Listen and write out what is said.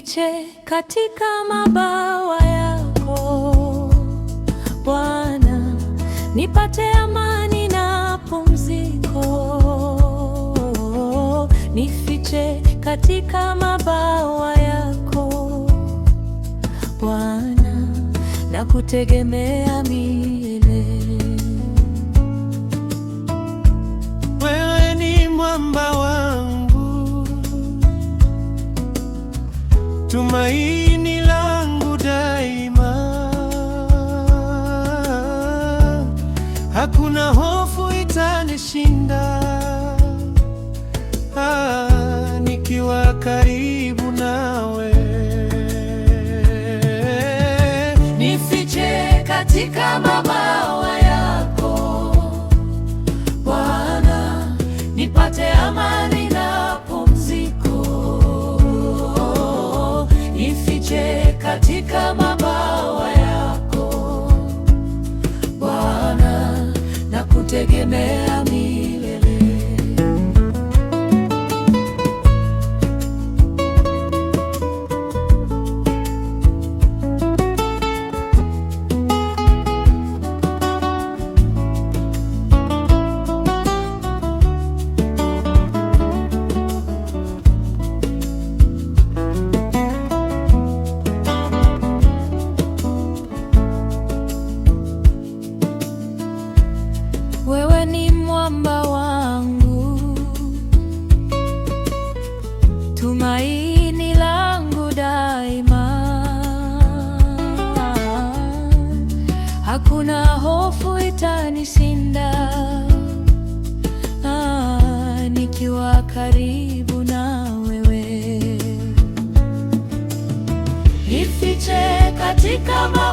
nifiche katika mabawa yako Bwana, nipate amani na pumziko. Nifiche katika mabawa yako Bwana, nakutegemea mimi. tumaini langu daima, hakuna hofu itanishinda, ah, nikiwa karibu nawe. Nifiche katika mabawa yako Bwana, nipate amani tufiche katika wewe ni mwamba wangu, tumaini langu daima. Hakuna hofu itanishinda, ah, nikiwa karibu na wewe. Nifiche katika